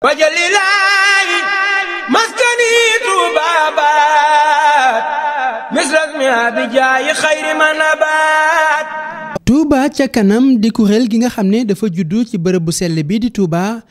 wajalilaayi maskani tuubaabaat misras mi ca kanam di kuréel gi nga xam ne dafa juddu ci bërëb bu sell bi di Touba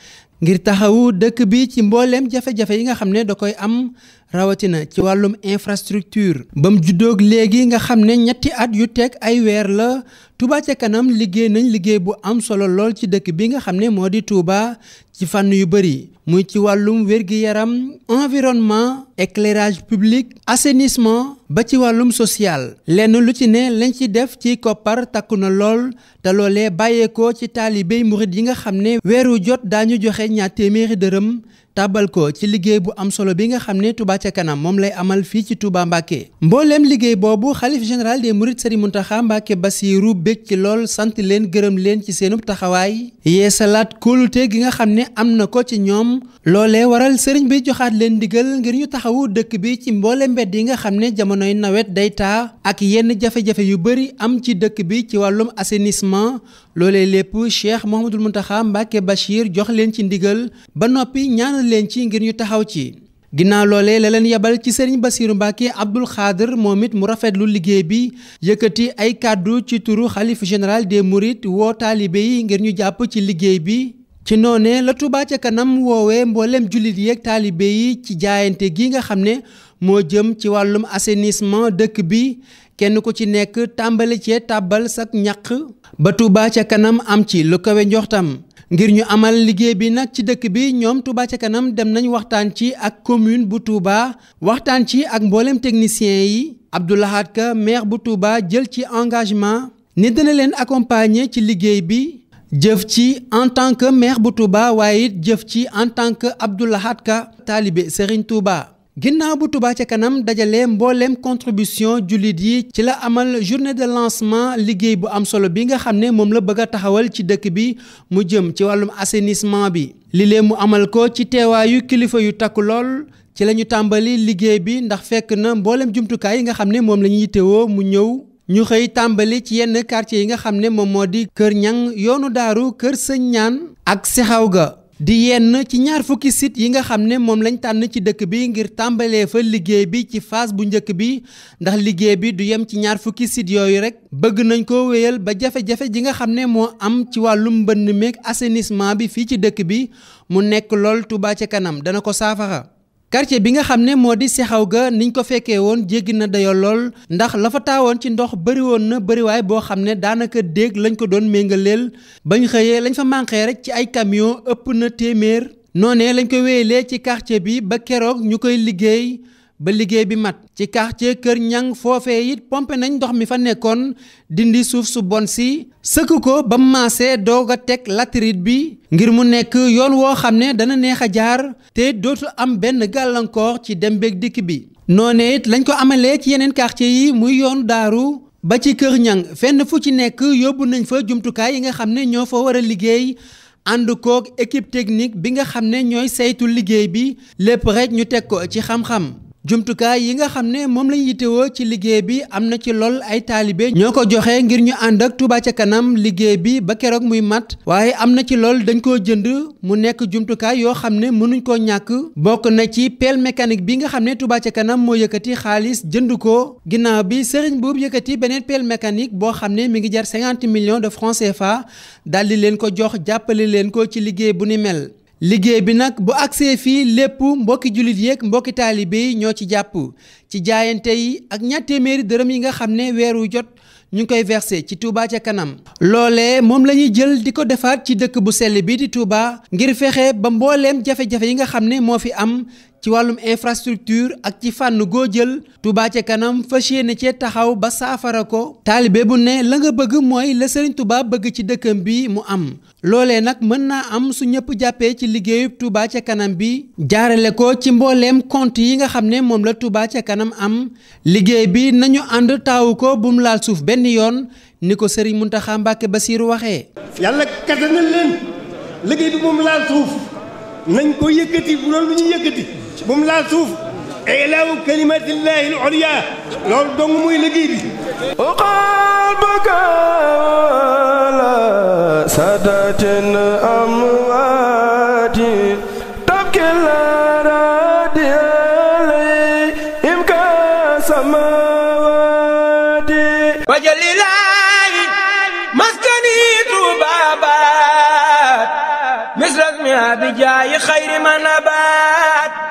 ngir taxawu dëkk bi ci mbooleem jafe-jafe yi nga xam ne da koy am rawatina ci wàllum infrastructure ba juddook léegi nga xam ne ñetti at yu teg ay weer la Touba ca kanam liggéey nañ liggéey bu am solo lool ci dëkk bi nga xam ne moo di Touba ci fànn yu bëri muy ci wàllum wér-gi-yaram environnement éclairage public assainissement ba ci wàllum social lenn lu ci ne lañ ci def ci koppar takku na lool te loolee bàyyeekoo ci taalibey murit yi nga xam ne weeru jot daañu joxe ñaar téeméeri dërëm tàbbal ko ci liggéey bu am solo bi nga xam ne Touba ca kanam moom lay amal fii ci Touba Mbacke mbooleem liggéey boobu xalif général des mourides Serigne Mountakha Mbacke Bassirou bég ci lool sant leen gërëm leen ci seenub taxawaay yee yeesalaat kóolute gi nga xam ne am na ko ci ñoom loolee waral sëriñ bi joxaat leen ndigal ngir ñu taxawu dëkk bi ci mboole mbedd yi nga xam ne jamonoy nawet day taa ak yenn jafe-jafe yu bëri am ci dëkk bi ci wàllum assainissement loolee lépp Cheikh Mouhamadul Mountakha Mbacké Bachir jox leen ci ndigal ba noppi ñaanal leen ci ngir ñu taxaw ci. ginnaaw loole la leen yebal ci sëriñ Basiiru Mbàkke Abdul Xaadir moom it mu rafetlu liggéey bi yëkkati ay kàddu ci turu xalifa général de Mourides woo taalibe yi ngir ñu jàpp ci liggéey bi ci noone la Touba ca kanam woowee mbooleem jullit yeeg taalibe yi ci jaayante gi nga xam ne moo jëm ci wàllum assainissement dëkk bi kenn ku ci nekk tàmbali cee tàbbal sak ñaq ba Touba ca kanam am ci lu kawe njoxtam ngir ñu amal liggéey bi nag ci dëkk bi ñoom Touba ca kanam dem nañu waxtaan ci ak commune bu Touba waxtaan ci ak mboolem technicien yi Abdou Lahad bu Touba jël ci engagement ni dina leen accompagner ci liggéey bi jëf ci en tant que maire bu Touba waaye jëf ci en tant que Abdou Lahad taalibe Serigne Touba ginnaaw bu tubaa ca kanam dajale mbooleem contribution jullit yi ci la amal journée de lancement liggéey bu am solo bi nga xam ne moom la bëgg a taxawal ci dëkk bi mu jëm ci wàllum assainissement bi li lee mu amal ko ci teewaayu kilifa yu takk lool ci la ñu tàmbali liggéey bi ndax fekk na mbooleem jumtukaay yi nga xam ne moom la ñuy yittewoo mu ñëw ñu xëy tàmbali ci yenn quartier yi nga xam ne moom moo di Kër Ñang yoonu daaru Kër Sëñ Ñaan ak Sexaw ga di yenn ci ñaar fukki siit yi nga xam ne moom lañ tànn ci dëkk bi ngir tàmbalee fa liggéey bi ci phase bu njëkk bi ndax liggéey bi du yem ci ñaar fukki siit yooyu rek bëgg nañ ko wéyal ba jafe-jafe ji nga xam ne moo am ci wàllum mbënn meeg assainissement bi fii ci dëkk bi mu nekk lool Touba ci kanam dana ko saafara quartier bi nga xam ne moo di sexaw ga niñ ko fekkee woon jéggi na dayoo lool ndax la fa taawoon ci ndox bëri woon na bëriwaay boo xam ne daanaka dégg lañ ko doon méngaleel ba ñu xëyee lañ fa manqué rek ci ay camion ëpp na téeméer noonee lañ ko wéyalee ci quartier bi ba keroog ñu koy liggéey ba liggéey bi mat ci quartier Kër Ñang foofee it pompe nañ ndox mi fa nekkoon dindi suuf su bon si sëkk ko ba maasee doog a teg latérite bi ngir mu nekk yoon woo xam ne dana neex a jaar te dootu am benn gàllankoor ci dem beeg dikk bi noonee it lañ ko amalee ci yeneen quartier yi muy yoon daaru ba ci Kër Ñang fenn fu ci nekk yóbbu nañ fa jumtukaay yi nga xam ne ñoo fa war a liggéey ànd koog équipe technique bi nga xam ne ñooy saytu liggéey bi lépp rek ñu teg ko ci xam jumtukaay yi nga xam ne moom lañ yittewoo ci liggéey bi am na ci lool ay taalibe ñoo ko joxe ngir ñu ànd ak Touba ca kanam liggéey bi ba keroog muy mat waaye am na ci lool dañ koo jënd mu nekk jumtukaay yoo xam ne mënuñ koo ñàkk bokk na ci pel mécanique bi nga xam ne Touba ca kanam moo yëkkati xaalis jënd ko ginnaaw bi Serigne Boub yëkkati beneen pel mécanique boo xam ne mi ngi jar 50 millions de francs CFA daal di leen ko jox jàppale leen ko ci liggéey bu ni mel. liggéey bi nag bu agsee fii lépp mbokki jullit yeeg mbokki taalibe yi ñoo ci jàpp ci jaayante yi ak ñaar dërëm yi nga xam ne weeru jot ñu ngi koy verse ci Touba ca kanam loole moom lañuy jël di ko defaat ci dëkk bu sell bi di Touba ngir fexe ba mbooleem jafe-jafe yi nga xam ni moo fi am ci wàllum infrastructure ak ci fànn goo jël Touba ca kanam fas yéene cee taxaw ba saafara ko taalibe bu ne la nga bëgg mooy la Serigne Touba bëgg ci dëkkam bi mu am loole nag mën naa am su ñëpp jàppee ci liggéeyub Touba ca kanam bi jaarale ko ci mbooleem compte yi nga xam ne moom la Touba ca kanam am liggéey bi nañu ànd taawu ko bu mu laal suuf benn yoon ni ko Serigne Mountakha Mbacké Bassirou waxee. yàlla kattanal leen liggéey bi moom laal suuf nañ ko yëkkati bu mu laal suuf ilaawu kalimatillahi al ulya loolu dong muy liggéey bi qaal baka la sadatin amwati tabkil radiyali imka samawati wajalilahi maskani tu babat misrak mi abi jaay xayri manabat